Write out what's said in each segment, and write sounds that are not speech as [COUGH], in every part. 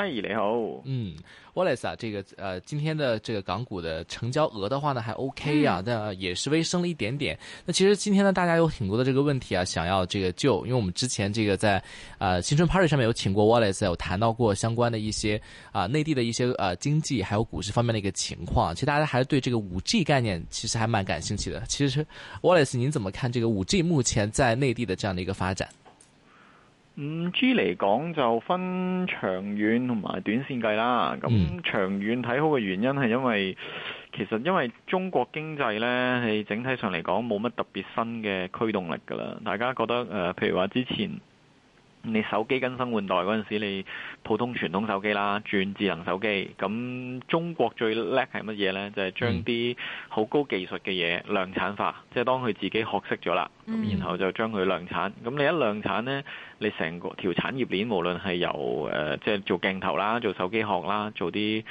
嗨，你好，嗯。嗯，Wallace 啊，這個呃，今天的這個港股的成交額的話呢，還 OK 啊，但也是微升了一點點。那其實今天呢，大家有挺多的這個問題啊，想要這個就，因為我們之前這個在呃新春 Party 上面有請過 Wallace，有談到過相關的一些啊、呃、內地的一些呃經濟還有股市方面的一個情況。其實大家還是對這個五 G 概念其實還蠻感興趣的。其實 Wallace，您怎麼看這個五 G 目前在內地的這樣的一個發展？5G 嚟講就分長遠同埋短線計啦。咁長遠睇好嘅原因係因為其實因為中國經濟咧，係整體上嚟講冇乜特別新嘅驅動力㗎啦。大家覺得誒、呃、譬如話之前。你手機更新換代嗰陣時，你普通傳統手機啦，轉智能手機。咁中國最叻係乜嘢呢？就係、是、將啲好高技術嘅嘢量產化，即係當佢自己學識咗啦，咁然後就將佢量產。咁你一量產呢，你成個條產業鏈無論係由、呃、即係做鏡頭啦，做手機殼啦，做啲。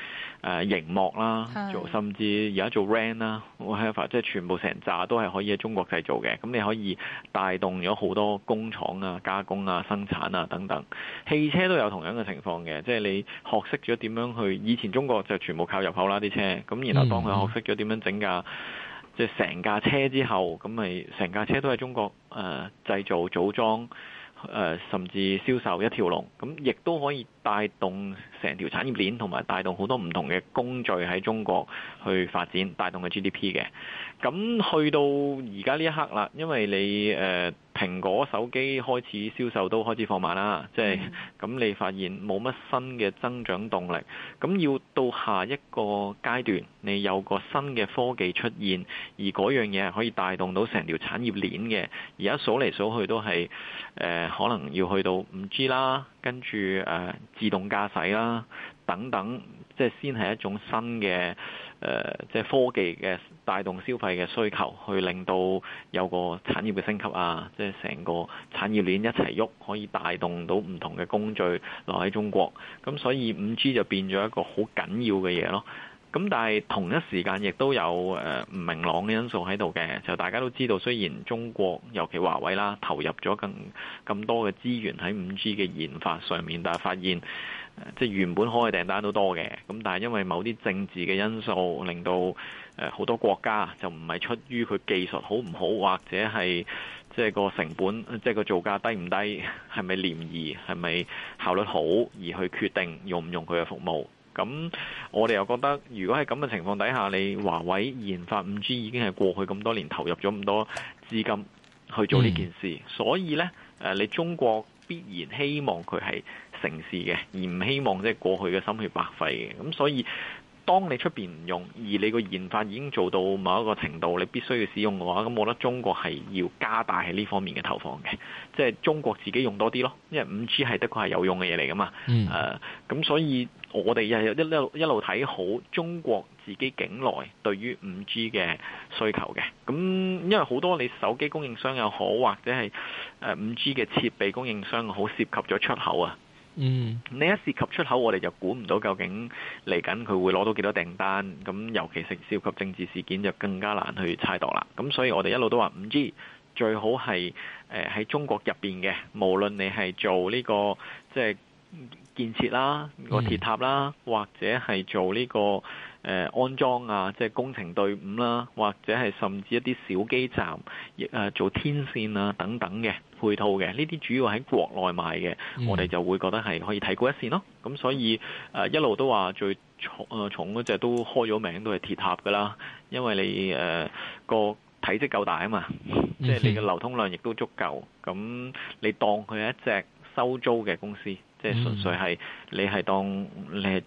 誒、呃、熒幕啦，做甚至而家做 Ran 啦是的即係全部成扎都係可以喺中國製造嘅。咁你可以帶動咗好多工廠啊、加工啊、生產啊等等。汽車都有同樣嘅情況嘅，即係你學識咗點樣去。以前中國就全部靠入口啦啲車，咁然後當佢學識咗點樣整架，是的即係成架車之後，咁咪成架車都喺中國、呃、製造組裝。甚至銷售一條龍，咁亦都可以帶動成條產業鏈，同埋帶動好多唔同嘅工序喺中國去發展，帶動嘅 GDP 嘅。咁去到而家呢一刻啦，因為你誒。呃蘋果手機開始銷售都開始放慢啦，即係咁你發現冇乜新嘅增長動力，咁要到下一個階段，你有個新嘅科技出現，而嗰樣嘢係可以帶動到成條產業鏈嘅，而家數嚟數去都係、呃、可能要去到 5G 啦，跟住、呃、自動駕駛啦等等，即係先係一種新嘅。誒，即係、呃就是、科技嘅帶動消費嘅需求，去令到有個產業嘅升級啊！即係成個產業鏈一齊喐，可以帶動到唔同嘅工序落喺中國。咁所以五 G 就變咗一個好緊要嘅嘢咯。咁但係同一時間亦都有誒唔、呃、明朗嘅因素喺度嘅。就大家都知道，雖然中國尤其華為啦，投入咗更更多嘅資源喺五 G 嘅研發上面，但係發現。即係原本開嘅訂單都多嘅，咁但係因為某啲政治嘅因素，令到誒好多國家就唔係出於佢技術好唔好，或者係即係個成本，即係個造價低唔低，係咪廉宜，係咪效率好，而去決定用唔用佢嘅服務，咁我哋又覺得，如果係咁嘅情況底下，你華為研發五 G 已經係過去咁多年投入咗咁多資金去做呢件事，嗯、所以咧誒你中國必然希望佢係。城市嘅，而唔希望即係過去嘅心血白費嘅。咁所以，當你出邊唔用，而你個研發已經做到某一個程度，你必須要使用嘅話，咁我覺得中國係要加大喺呢方面嘅投放嘅。即係中國自己用多啲咯，因為五 G 係的確係有用嘅嘢嚟噶嘛。誒、mm. 呃，咁所以我哋又一路一路睇好中國自己境內對於五 G 嘅需求嘅。咁因為好多你手機供應商又好，或者係誒五 G 嘅設備供應商好，涉及咗出口啊。嗯，你一涉及出口，我哋就估唔到究竟嚟緊佢會攞到幾多訂單。咁尤其係涉及政治事件，就更加難去猜度啦。咁所以我哋一路都話五 G 最好係喺、呃、中國入邊嘅，無論你係做呢、這個即係、就是、建設啦，個鐵塔啦，或者係做呢、這個。誒、呃、安裝啊，即係工程隊伍啦，或者係甚至一啲小基站，亦、呃、做天線啊等等嘅配套嘅，呢啲主要喺國內賣嘅，我哋就會覺得係可以睇高一線咯。咁所以、呃、一路都話最重誒、呃、重嗰隻都開咗名都係鐵塔㗎啦，因為你誒個、呃、體積夠大啊嘛，即係你嘅流通量亦都足夠，咁你當佢係一隻收租嘅公司。即係純粹係你係當你係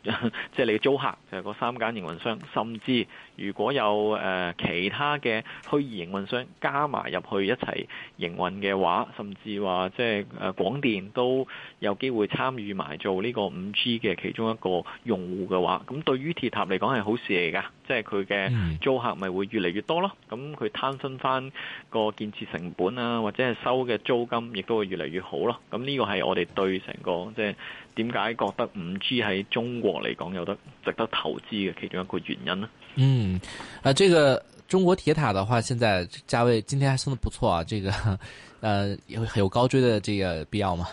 即係你租客，就係嗰三間營運商，甚至。如果有誒其他嘅虛擬營運商加埋入去一齊營運嘅話，甚至話即係誒廣電都有機會參與埋做呢個五 G 嘅其中一個用戶嘅話，咁對於鐵塔嚟講係好事嚟噶，即係佢嘅租客咪會越嚟越多咯。咁佢攤分翻個建設成本啊，或者係收嘅租金，亦都會越嚟越好咯。咁呢個係我哋對成個即係點解覺得五 G 喺中國嚟講有得值得投資嘅其中一個原因呢。嗯，啊、呃，這個中國鐵塔的話，現在價位今天還升得不錯啊，這個，呃，有，有高追的這個必要嗎？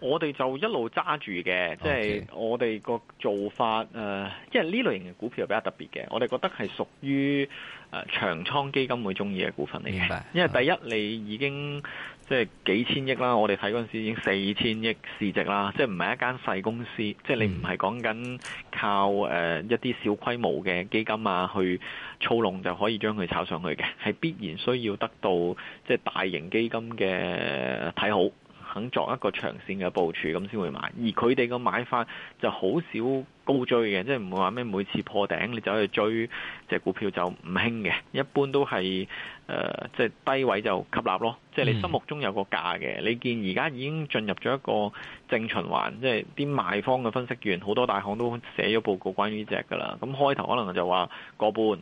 我哋就一路揸住嘅，即係 Okay. 我哋個做法，誒、呃，因為呢類型嘅股票比較特別嘅，我哋覺得係屬於誒、呃、長倉基金會中意嘅股份嚟嘅，明白因為第一、嗯、你已經。即係幾千億啦，我哋睇嗰陣時已經四千億市值啦，即係唔係一間細公司，即係你唔係講緊靠誒一啲小規模嘅基金啊，去操弄就可以將佢炒上去嘅，係必然需要得到即係、就是、大型基金嘅睇好。肯作一個長線嘅部署，咁先會買。而佢哋嘅買法就好少高追嘅，即係唔會話咩每次破頂你就去追，即、就是、股票就唔興嘅。一般都係誒，即、呃、係、就是、低位就吸納咯。即係你心目中有個價嘅。你見而家已經進入咗一個正循環，即係啲賣方嘅分析員，好多大行都寫咗報告關於隻㗎啦。咁開頭可能就話個半，咁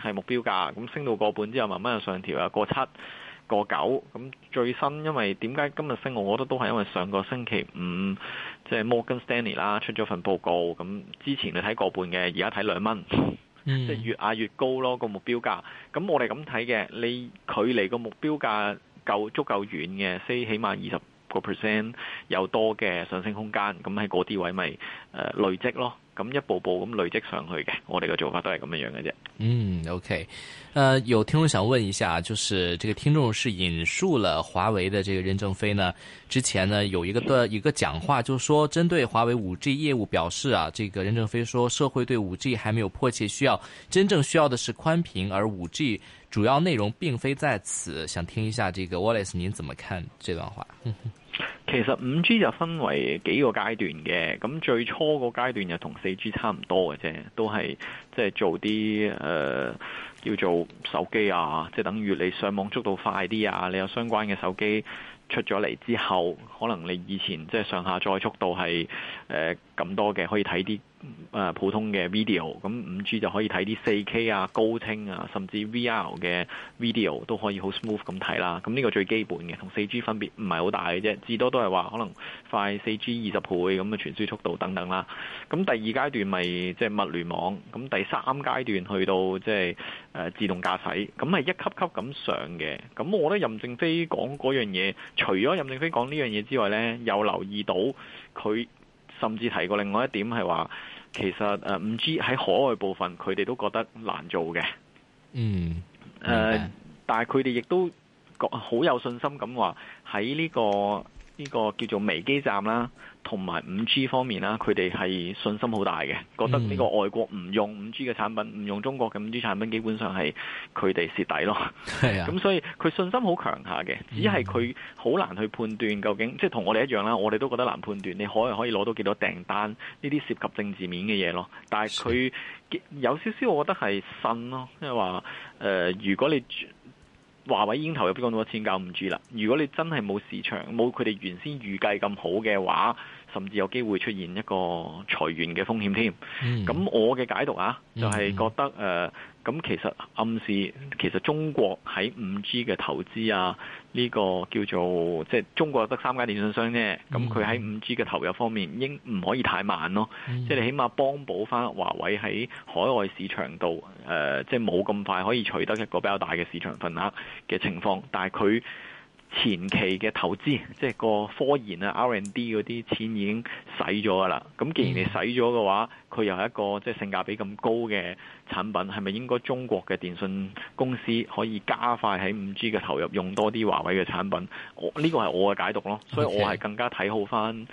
係目標價。咁升到個半之後，慢慢就上調啊，個七。個九咁最新，因為點解今日升，我覺得都係因為上個星期五即係、就是、Morgan Stanley 啦出咗份報告，咁之前你睇個半嘅，而家睇兩蚊，即係、mm hmm。越壓越高咯個目標價。咁我哋咁睇嘅，你距離個目標價夠足夠遠嘅，先起碼二十個 percent 有多嘅上升空間。咁喺嗰啲位咪誒累積咯。咁一步步咁累積上去嘅，我哋嘅做法都係咁樣嘅啫。嗯，OK，呃，有聽眾想問一下，就是這個聽眾是引述了華為的這個任正非呢，之前呢有一個有一個講話就是，就說針對華為五 G 業務表示啊，這個任正非說社會對五 G 還沒有迫切需要，真正需要的是寬頻，而五 G 主要內容並非在此。想聽一下這個 Wallace，您怎麼看這段話？嗯其實五 G 就分為幾個階段嘅，咁最初個階段就同四 G 差唔多嘅啫，都係即係做啲誒、呃，叫做手機啊，即係等於你上網速度快啲啊，你有相關嘅手機出咗嚟之後，可能你以前即係上下載速度係誒咁多嘅，可以睇啲普通嘅 video，咁五 G 就可以睇啲 4K 啊、高清啊，甚至 VR 嘅 video 都可以好 smooth 咁睇啦。咁呢個最基本嘅，同四 G 分別唔係好大嘅啫，至多都係話可能快四 G 二十倍咁嘅傳輸速度等等啦。咁第二階段咪即係物聯網，咁第三階段去到即係誒自動駕駛，咁係一級級咁上嘅。咁我覺得任正非講嗰樣嘢，除咗任正非講呢樣嘢之外呢，有留意到佢。甚至提過另外一點係話，其實誒 5G 喺海外部分，佢哋都覺得難做嘅。嗯，誒、呃，嗯、但係佢哋亦都覺好有信心咁話喺呢個。呢個叫做微基站啦，同埋五 G 方面啦，佢哋係信心好大嘅，覺得呢個外國唔用五 G 嘅產品，唔用中國嘅五 G 產品，基本上係佢哋蝕底咯。啊的，咁所以佢信心好強下嘅，只係佢好難去判斷究竟，嗯、即係同我哋一樣啦。我哋都覺得難判斷，你可係可以攞到幾多訂單？呢啲涉及政治面嘅嘢咯。但係佢有少少，我覺得係信咯，因為話誒，如果你。華為已經投入咗咁多錢搞 5G 啦。如果你真係冇市場，冇佢哋原先預計咁好嘅話。甚至有機會出現一個裁員嘅風險添。咁、嗯、我嘅解讀啊，就係、是、覺得誒，咁、嗯呃、其實暗示其實中國喺五 G 嘅投資啊，呢、這個叫做即係、就是、中國得三間電信商啫。咁佢喺五 G 嘅投入方面應唔可以太慢咯。即係你起碼幫補翻華為喺海外市場度誒，即係冇咁快可以取得一個比較大嘅市場份額嘅情況，但係佢。前期嘅投資，即係個科研啊、R&D 嗰啲錢已經使咗㗎啦。咁既然你使咗嘅話，佢又係一個即係性價比咁高嘅產品，係咪應該中國嘅電信公司可以加快喺 5G 嘅投入，用多啲華為嘅產品？我呢個係我嘅解讀咯，所以我係更加睇好翻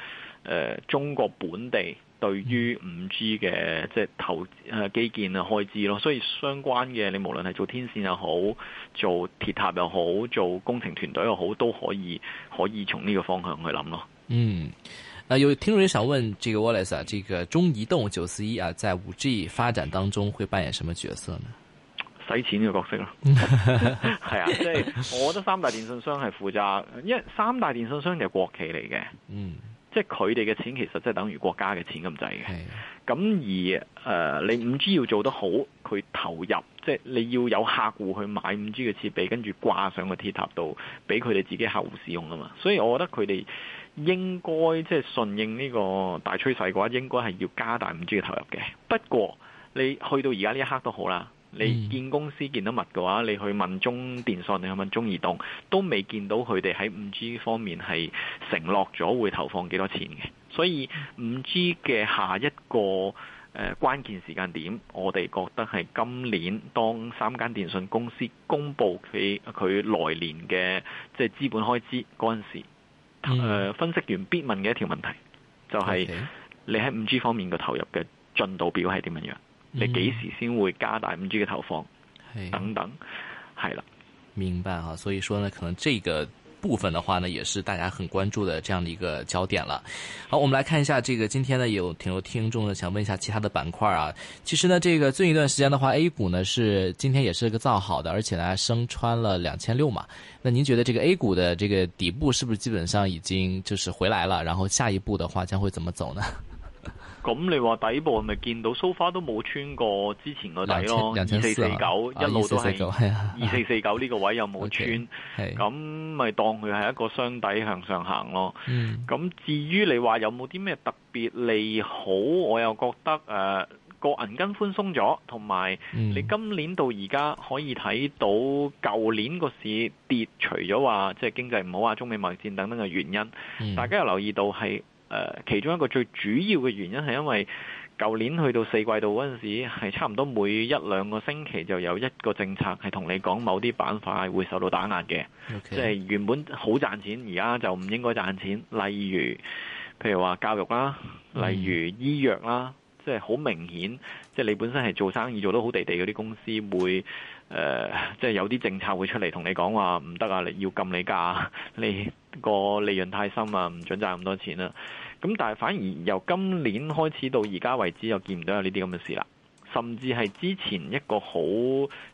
誒中國本地。對於五 G 嘅即係投誒、呃、基建啊開支咯，所以相關嘅你無論係做天線又好，做鐵塔又好，做工程團隊又好，都可以可以從呢個方向去諗咯。嗯，啊有聽眾想問，這個 Wallace 啊，這個中移動九四一啊，在五 G 發展當中會扮演什麼角色呢？使錢呢個角色咯，係 [LAUGHS] [LAUGHS] 啊，即係我覺得三大電信商係負責，因為三大電信商就係國企嚟嘅，嗯。即係佢哋嘅錢其實即係等於國家嘅錢咁滯嘅，咁誒而你五 G 要做得好，佢投入即係、就是、你要有客戶去買五 G 嘅設備，跟住掛上個鐵塔度，俾佢哋自己客戶使用啊嘛。所以我覺得佢哋應該即係、就是、順應呢個大趨勢嘅話，應該係要加大五 G 嘅投入嘅。不過你去到而家呢一刻都好啦。你見公司見得密嘅話，你去問中電信，你去問中移動，都未見到佢哋喺 5G 方面係承諾咗會投放幾多錢嘅。所以 5G 嘅下一個、呃、關鍵時間點我哋覺得係今年當三間電信公司公布佢佢來年嘅即係資本開支陣時誒、呃、分析員必問嘅一條問題，就係、是、你喺 5G 方面嘅投入嘅進度表係點樣樣？你幾時先會加大五 G 的投放？嗯、等等，係啦，明白啊。所以說呢，可能這個部分的話呢，也是大家很關注的這樣的一個焦點了。好，我們來看一下，這個今天呢有挺多聽眾呢想問一下其他的板塊啊。其實呢，這個最近一段時間的話，A 股呢是今天也是一個造好的，而且呢還升穿了兩千六嘛。那您覺得這個 A 股的這個底部是不是基本上已經就是回來了？然後下一步的話將會怎麼走呢？咁你話底部咪見到蘇花、so、都冇穿過之前個底咯？二四四九一路都係二四四九呢個位又冇穿，咁咪 [LAUGHS] Okay, 當佢係一個雙底向上行咯。咁、嗯、至於你話有冇啲咩特別利好，我又覺得誒個銀根寬鬆咗，同埋你今年到而家可以睇到舊年個市跌，除咗話即係經濟唔好啊、中美貿易戰等等嘅原因，嗯、大家又留意到係。其中一個最主要嘅原因係因為舊年去到四季度嗰陣時，係差唔多每一兩個星期就有一個政策係同你講某啲板塊會受到打壓嘅，Okay. 即係原本好賺錢，而家就唔應該賺錢。例如，譬如話教育啦，例如醫藥啦，mm. 即係好明顯，即係你本身係做生意做得好地地嗰啲公司會誒、呃，即係有啲政策會出嚟同你講話唔得啊！你要禁你價，你個利潤太深啊，唔准賺咁多錢啦、啊。咁但係反而由今年開始到而家為止，又見唔到有呢啲咁嘅事啦。甚至係之前一個好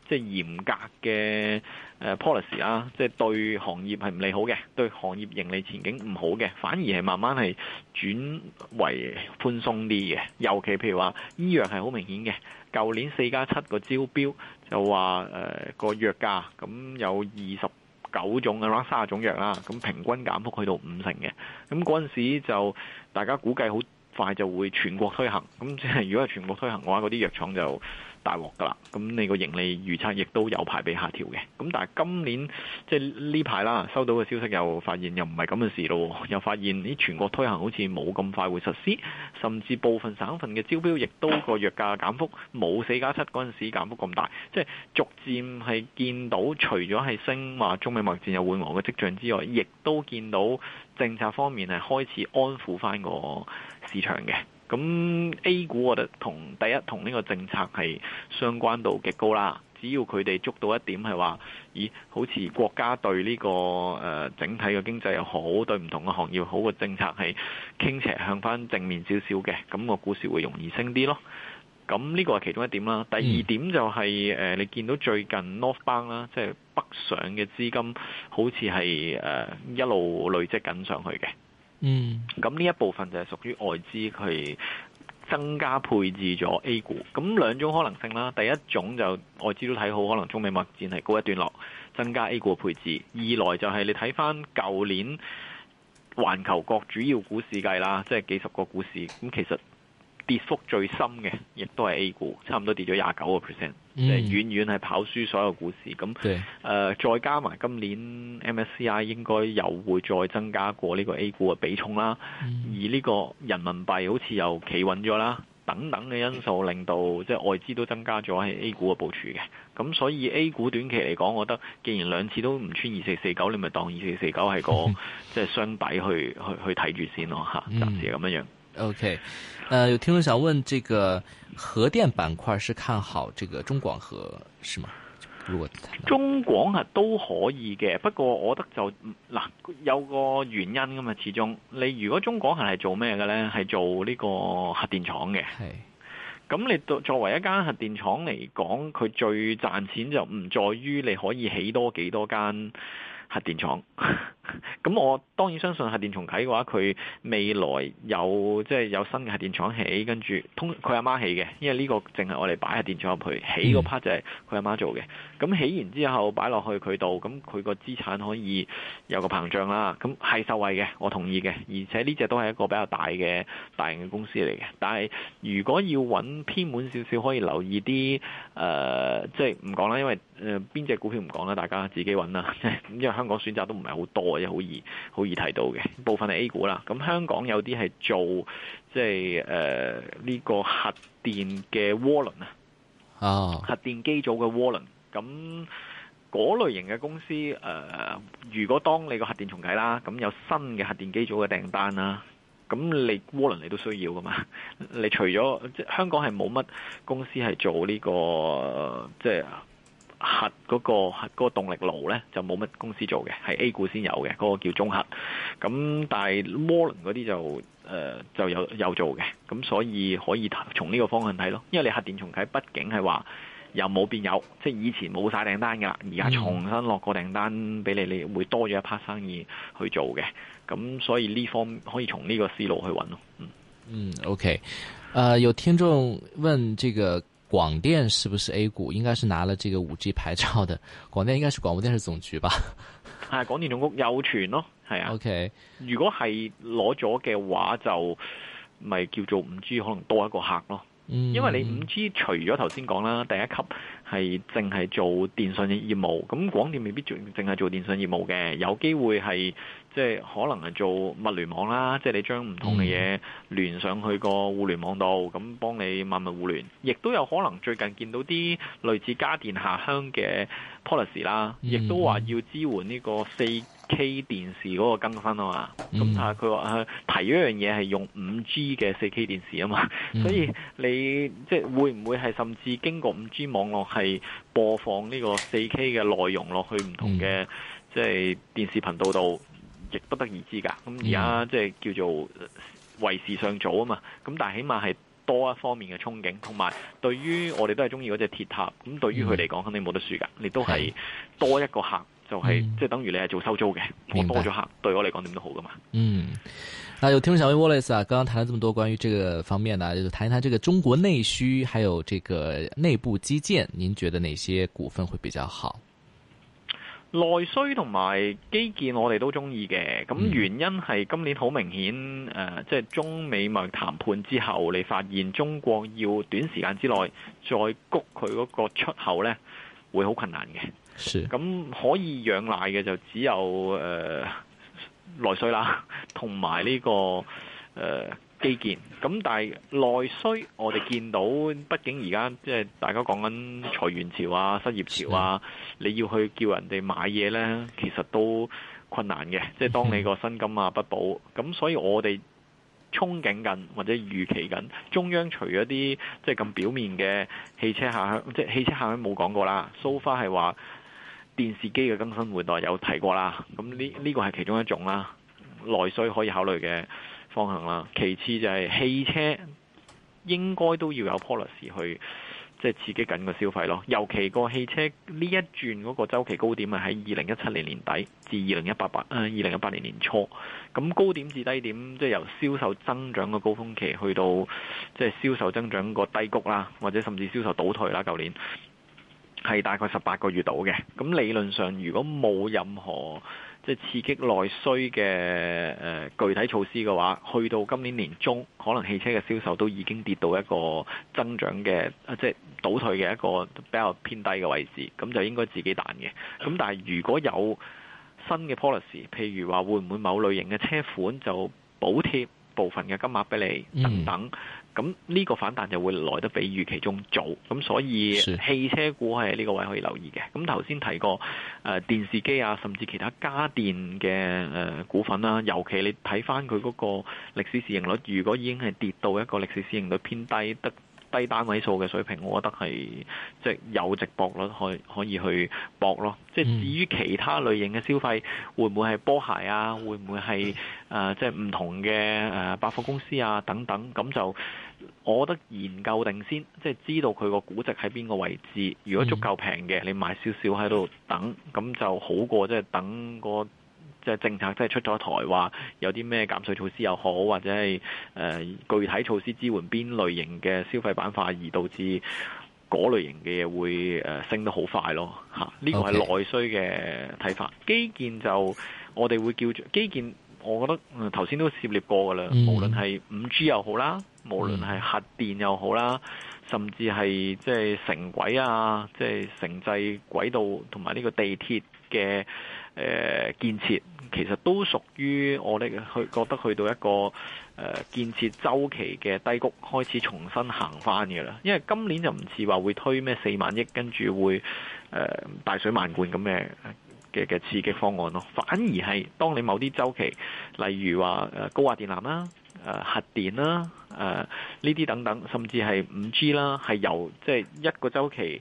即係嚴格嘅、呃、policy 啊，即係對行業係唔利好嘅，對行業盈利前景唔好嘅，反而係慢慢係轉為寬鬆啲嘅。尤其譬如話醫藥係好明顯嘅，舊年四加七個招標就話誒、呃那個藥價咁有二十九種嘅 r o 卅種藥啦，咁平均減幅去到五成嘅，咁嗰時就大家估計好快就會全國推行，咁即係如果係全國推行嘅話，嗰啲藥廠就，大鑊㗎啦，咁你個盈利預測亦都有排被下調嘅。咁但係今年即係呢排啦，就是、收到嘅消息又發現又唔係咁嘅事咯，又發現啲全國推行好似冇咁快會實施，甚至部分省份嘅招標亦都個藥價減幅冇四加七嗰陣時減幅咁大。即、就、係、是、逐漸係見到除，除咗係升話中美貿戰有緩和嘅跡象之外，亦都見到政策方面係開始安撫翻個市場嘅。咁 A 股我得同第一同呢個政策係相關度極高啦，只要佢哋捉到一點，係話咦，好似國家對呢、這個誒、呃、整體嘅經濟又好，對唔同嘅行業好嘅政策係傾斜向翻正面少少嘅，咁、那個股市會容易升啲咯。咁呢個係其中一點啦。第二點就係、是、誒、呃、你見到最近 northbound 啦，即係北上嘅資金好似係誒一路累積緊上去嘅。嗯，咁呢一部分就係屬於外資佢增加配置咗 A 股，咁兩種可能性啦。第一種就外資都睇好，可能中美貿易戰係告一段落，增加 A 股嘅配置；二來就係你睇返舊年環球各主要股市計啦，即係幾十個股市，咁其實。跌幅最深嘅，亦都係 A 股，差唔多跌咗廿九個 percent，即係遠遠係跑輸所有股市。咁誒的、呃，再加埋今年 MSCI 應該又會再增加過呢個 A 股嘅比重啦。嗯、而呢個人民幣好似又企穩咗啦，等等嘅因素令到即係、就是、外資都增加咗喺 A 股嘅部署嘅。咁所以 A 股短期嚟講，我覺得既然兩次都唔穿二四四九，你咪當二四四九係個即係雙底去、嗯、去去睇住先咯吓，暫時咁樣樣。O K，誒，有聽眾想問，這個核電板塊是看好這個中廣核是嗎？如果中廣核都可以嘅，不過我覺得就嗱有個原因㗎嘛，始終你如果中廣核係做咩嘅呢？係做呢個核電廠嘅，係，咁你作作為一間核電廠嚟講，佢最賺錢就唔在於你可以起多幾多間核電廠。咁我當然相信核電重啟嘅話，佢未來有即係、就是、有新嘅核電廠起，跟住通佢阿媽起嘅，因為呢個淨係我哋擺核電廠入去起嗰 part 就係佢阿媽做嘅。咁起完之後擺落去佢度，咁佢個資產可以有個膨脹啦。咁係受惠嘅，我同意嘅。而且呢隻都係一個比較大嘅大型嘅公司嚟嘅。但係如果要揾偏門少少，可以留意啲誒，即係唔講啦，因為誒邊隻股票唔講啦，大家自己揾啦，因為香港選擇都唔係好多。或者好易好易睇到嘅部分係 A 股啦，咁香港有啲係做即係誒呢個核電嘅渦輪啊，核電機組嘅渦輪，咁嗰類型嘅公司誒、呃，如果當你個核電重啟啦，咁有新嘅核電機組嘅訂單啦，咁你渦輪你都需要噶嘛？你除咗即係香港係冇乜公司係做呢個即係。核嗰、那個核嗰個動力爐呢，就冇乜公司做嘅，係 A 股先有嘅，嗰、那個叫中核。咁但係渦輪嗰啲就誒、呃、就有有做嘅，咁所以可以從呢個方向睇咯。因為你核電重啟，畢竟係話又冇變有，即係以前冇晒訂單㗎，而家重新落個訂單俾你，你會多咗一 part 生意去做嘅。咁所以呢方可以從呢個思路去揾咯。嗯，嗯 o、okay. k、uh, 有聽眾問這個。廣電是不是 A 股？應該是拿了這個五 G 牌照的，廣電應該是廣播電視總局吧？係、啊、廣電總局有權咯，係啊。OK，如果係攞咗嘅話，就咪叫做唔 G 可能多一個客咯。因為你 5G 除咗頭先講啦，第一級係淨係做電信業務，咁廣電未必淨淨係做電信業務嘅，有機會係即係可能係做物聯網啦，即係你將唔同嘅嘢聯上去個互聯網度，咁幫你萬物互聯。亦都有可能最近見到啲類似家電下鄉嘅 policy 啦，亦都話要支援呢個四。K 電視嗰個更新啊嘛，咁但係佢話啊提咗一樣嘢係用五 G 嘅四 K 電視啊嘛，嗯、所以你即係、就是、會唔會係甚至經過五 G 網絡係播放呢個四 K 嘅內容落去唔同嘅即係電視頻道度，亦不得而知㗎。咁而家即係叫做為時尚早啊嘛，咁但係起碼係多一方面嘅憧憬，同埋對於我哋都係中意嗰隻鐵塔，咁對於佢嚟講肯定冇得輸㗎，嗯、你都係多一個客。就係即係等於你係做收租嘅，你、嗯、多咗客，白對我嚟講點都好噶嘛。嗯，嗱，有聽眾想問 Wallace 啊，剛剛談了這麼多關於這個方面呢、啊、就是、談一談這個中國內需，還有這個內部基建，您覺得哪些股份會比較好？內需同埋基建我，我哋都中意嘅。咁原因係今年好明顯，誒、嗯，即係、呃就是、中美貿易談判之後，你發現中國要短時間之內再谷佢嗰個出口呢，會好困難嘅。咁是可以養奶嘅就只有誒、呃、內需啦，同埋呢個誒、呃、基建。咁但係內需，我哋見到，畢竟而家即係大家講緊裁員潮啊、失業潮啊，的你要去叫人哋買嘢呢，其實都困難嘅。即、就、係、是、當你個薪金啊，不保，咁 [LAUGHS] 所以我哋憧憬緊或者預期緊中央除咗啲即係咁表面嘅汽車下，即係汽車下冇講過啦，So far 係話。So 電視機嘅更新換代有提過啦，咁呢呢個係其中一種啦，內需可以考慮嘅方向啦。其次就係汽車，應該都要有 policy 去即係、就是、刺激緊個消費咯。尤其個汽車呢一轉嗰個週期高點係，喺二零一七年年底至二零一八八二零一八年年初，咁高點至低點即係、就是、由銷售增長嘅高峰期去到即係銷售增長個低谷啦，或者甚至銷售倒退啦，舊年。係大概十八個月到嘅，咁理論上如果冇任何即係刺激內需嘅具體措施嘅話，去到今年年中，可能汽車嘅銷售都已經跌到一個增長嘅，即係倒退嘅一個比較偏低嘅位置，咁就應該自己彈嘅。咁但係如果有新嘅 policy，譬如話會唔會某類型嘅車款就補貼部分嘅金額俾你等等。嗯咁呢個反彈就會來得比預期中早，咁所以汽車股係呢個位可以留意嘅。咁頭先提過，誒、呃、電視機啊，甚至其他家電嘅、呃、股份啦、啊，尤其你睇翻佢嗰個歷史市盈率，如果已經係跌到一個歷史市盈率偏低得，低單位數嘅水平，我覺得係即係有值博，攞去可以去博咯。即係至於其他類型嘅消費，會唔會係波鞋啊？會唔會係誒即係唔同嘅誒百貨公司啊等等？咁就我覺得研究定先，即係知道佢個估值喺邊個位置。如果足夠平嘅，你買少少喺度等，咁就好過即係等個。即係政策真係出咗台，話有啲咩減稅措施又好，或者係、呃、具體措施支援邊類型嘅消費板塊，而導致嗰類型嘅嘢會、呃、升得好快咯。呢個係內需嘅睇法。Okay. 基建就我哋會叫做基建，我覺得頭先、嗯、都涉獵過噶啦、嗯。無論係五 G 又好啦，無論係核電又好啦，嗯、甚至係即係城軌啊，即係城際軌道同埋呢個地鐵嘅。誒、呃、建設其實都屬於我哋去覺得去到一個誒、呃、建設周期嘅低谷開始重新行翻嘅啦，因為今年就唔似話會推咩四萬億跟住會誒、呃、大水漫灌咁咩嘅嘅刺激方案咯，反而係當你某啲周期，例如話誒高壓電纜啦、誒、呃、核電啦、誒呢啲等等，甚至係五 G 啦，係由即係一個周期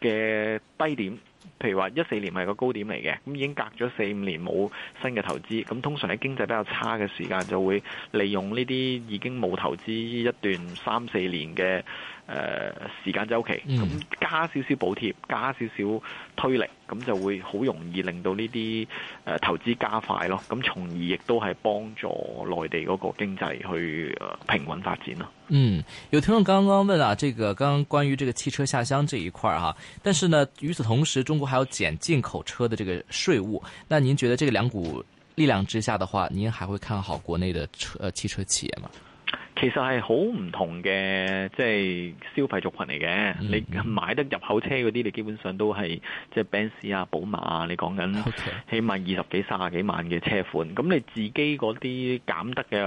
嘅低點。譬如話一四年係個高點嚟嘅，咁已經隔咗四五年冇新嘅投資，咁通常喺經濟比較差嘅時間就會利用呢啲已經冇投資一段三四年嘅。誒、呃、時間周期，咁加少少補貼，加少少推力，咁就會好容易令到呢啲、呃、投資加快咯，咁從而亦都係幫助內地嗰個經濟去平穩發展咯。嗯，有聽眾剛剛問啊，這個剛剛關於這個汽車下鄉這一塊哈，但是呢，與此同時，中國還要減進口車的這個稅務，那您覺得這個兩股力量之下的話，您還會看好國內的車呃汽車企業嗎？其實係好唔同嘅，即係消費族群嚟嘅。嗯、你買得入口車嗰啲，你基本上都係即係 Benz 啊、寶馬啊，你講緊起碼二十幾、三十幾萬嘅車款。咁你自己嗰啲減得嘅，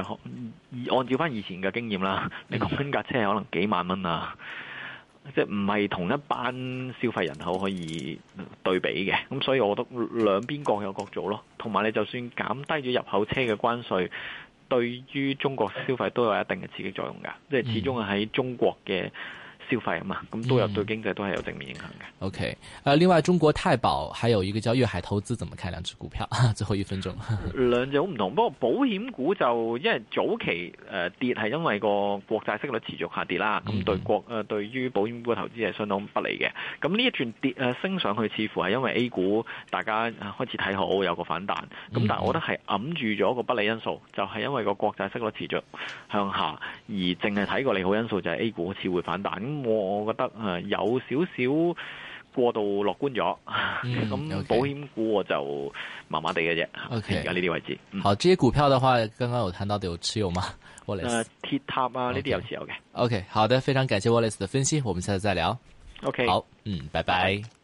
按照翻以前嘅經驗啦，你講緊架車可能幾萬蚊啊，嗯、即係唔係同一班消費人口可以對比嘅。咁所以我覺得兩邊各有各做咯。同埋你就算減低咗入口車嘅關稅。對於中國消費都有一定嘅刺激作用噶，即係始終係喺中國嘅。消費啊嘛，咁都有對經濟都係有正面影響嘅。嗯、o、okay. K，、啊、另外中國太保還有一個叫粵海投資，怎麼看兩支股票？最後一分鐘， [LAUGHS] 兩隻好唔同。不過保險股就因為早期誒跌係因為個國債息率持續下跌啦，咁、嗯、對國誒對於保險股嘅投資係相當不利嘅。咁呢一段跌誒升上去，似乎係因為 A 股大家開始睇好，有個反彈。咁、嗯、但係我覺得係揞住咗個不利因素，就係、是、因為個國債息率持續向下，而淨係睇個利好因素就係 A 股好似會反彈。我覺得誒有少少過度樂觀咗，咁、嗯 okay, 保險股我就麻麻地嘅啫。而家呢啲位置，好，這些股票嘅話，剛剛有談到的有持有嗎？那鐵塔啊，呢啲 Okay, 有持有嘅。OK，好的，非常感謝 Wallace 的分析，我們下次再聊。OK，好，嗯，拜拜。拜拜。